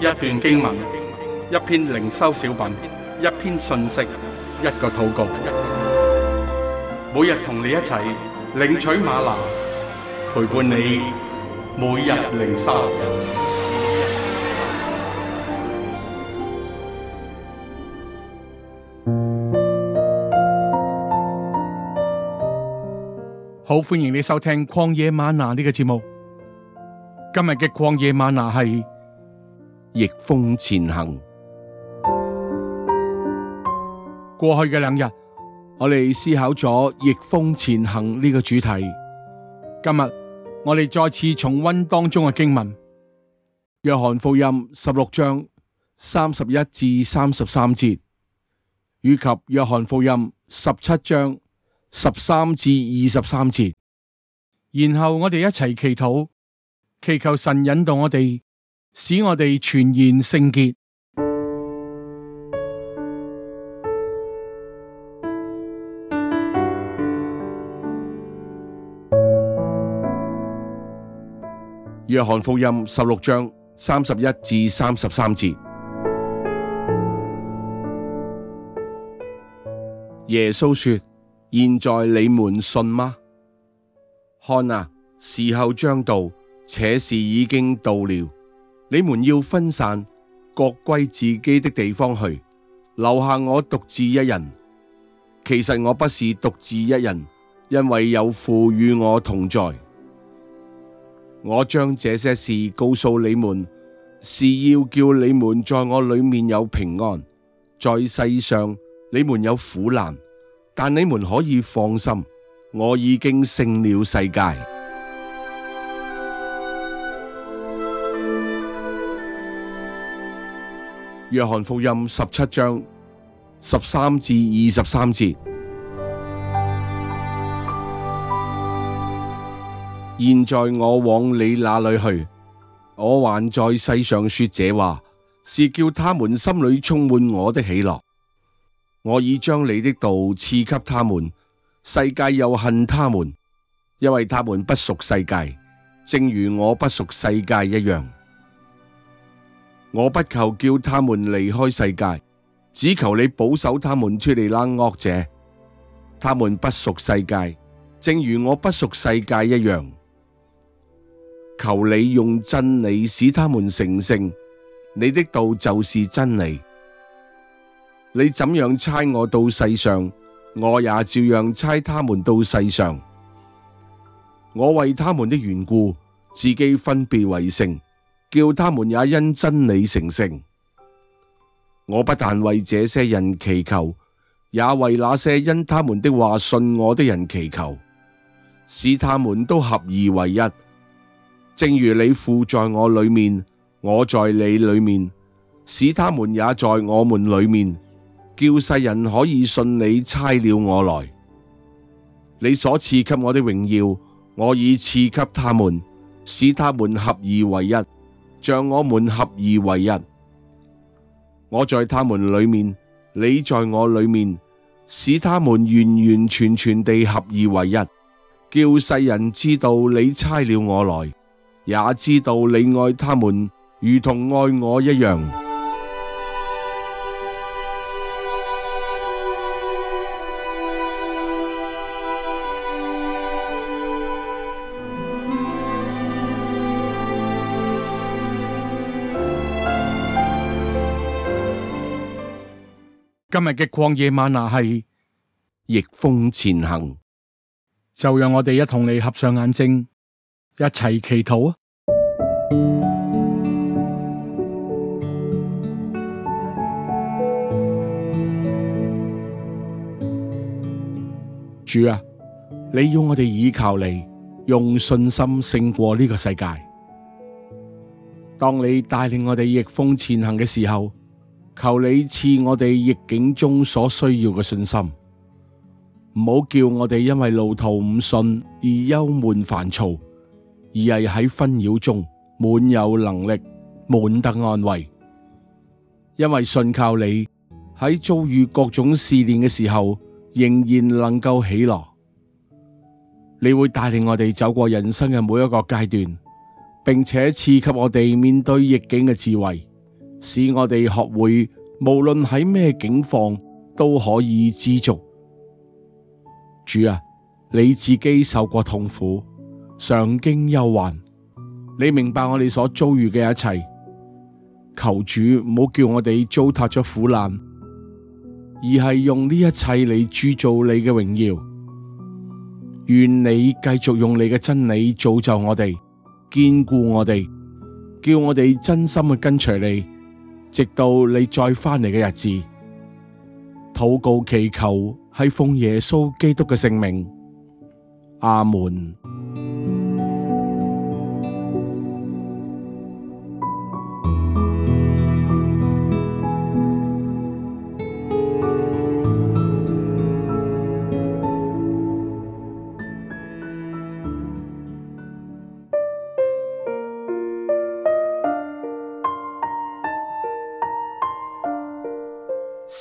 一段經文，一篇靈修小品，一篇信息，一個禱告。每日同你一齊領取嗎哪，陪伴你每日靈修。好，歡迎你收聽《曠野嗎哪》呢個節目。今日嘅《曠野嗎哪》係。逆風前行。過去嘅兩日，我哋思考咗逆風前行呢個主題。今日我哋再次重溫當中嘅經文《約翰福音》十六章三十一至三十三節，以及《約翰福音》十七章十三至二十三節。然後我哋一齊祈禱，祈求神引導我哋。使我哋全然聖潔。約翰福音十六章三十一至三十三節，耶穌說：現在你們信嗎？看啊，時候將到，且是已經到了。你們要分散，各歸自己的地方去，留下我獨自一人。其實我不是獨自一人，因為有父與我同在。我將這些事告訴你們，是要叫你們在我裏面有平安。在世上你們有苦難，但你們可以放心，我已經勝了世界。約翰福音十七章十三至二十三節。現在我往你那裏去，我還在世上說這話，是叫他們心裏充滿我的喜樂。我已將你的道賜給他們，世界又恨他們，因為他們不屬世界，正如我不屬世界一樣。我不求叫他們離開世界，只求你保守他們脫離那惡者。他們不屬世界，正如我不屬世界一樣。求你用真理使他們成聖。你的道就是真理。你怎樣差我到世上，我也照樣差他們到世上，我為他們的緣故，自己分別為聖。叫他們也因真理成聖。我不但為這些人祈求，也為那些因他們的話信我的人祈求，使他們都合而為一，正如你父在我裏面，我在你裏面，使他們也在我們裏面，叫世人可以信你差了我來。你所賜給我的榮耀，我已賜給他們，使他們合而為一。像我們合而為一，我在他們裏面，你在我裏面，使他們完完全全地合而為一，叫世人知道你差了我來，也知道你愛他們如同愛我一樣。今日嘅曠野嗎哪係逆風前行，就讓我哋一同你合上眼睛，一齊祈禱啊！主啊，你要我哋倚靠你，用信心勝過呢個世界。當你帶領我哋逆風前行嘅時候。求你賜我哋逆境中所需要嘅信心，唔好叫我哋因為路途唔順而憂悶煩躁，而係喺紛擾中滿有能力、滿得安慰。因為信靠你喺遭遇各種試煉嘅時候，仍然能夠喜樂，你會帶領我哋走過人生嘅每一個階段，並且賜給我哋面對逆境嘅智慧。使我哋學會無論喺咩境況都可以知足。主啊，你自己受過痛苦，常經憂患，你明白我哋所遭遇嘅一切。求主唔好叫我哋糟蹋咗苦難，而係用呢一切嚟鑄造你嘅榮耀。願你繼續用你嘅真理造就我哋，堅固我哋，叫我哋真心去跟隨你，直到你再返嚟嘅日子，禱告祈求係奉耶穌基督嘅聖名，阿門。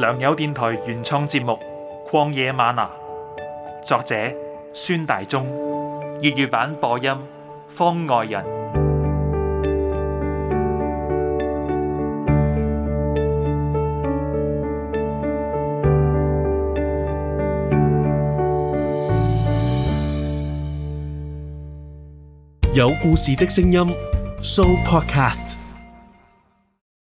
良友電台原創節目《曠野嗎哪》，作者孫大中，粵語版播音方外人。有故事的聲音，Show Podcast。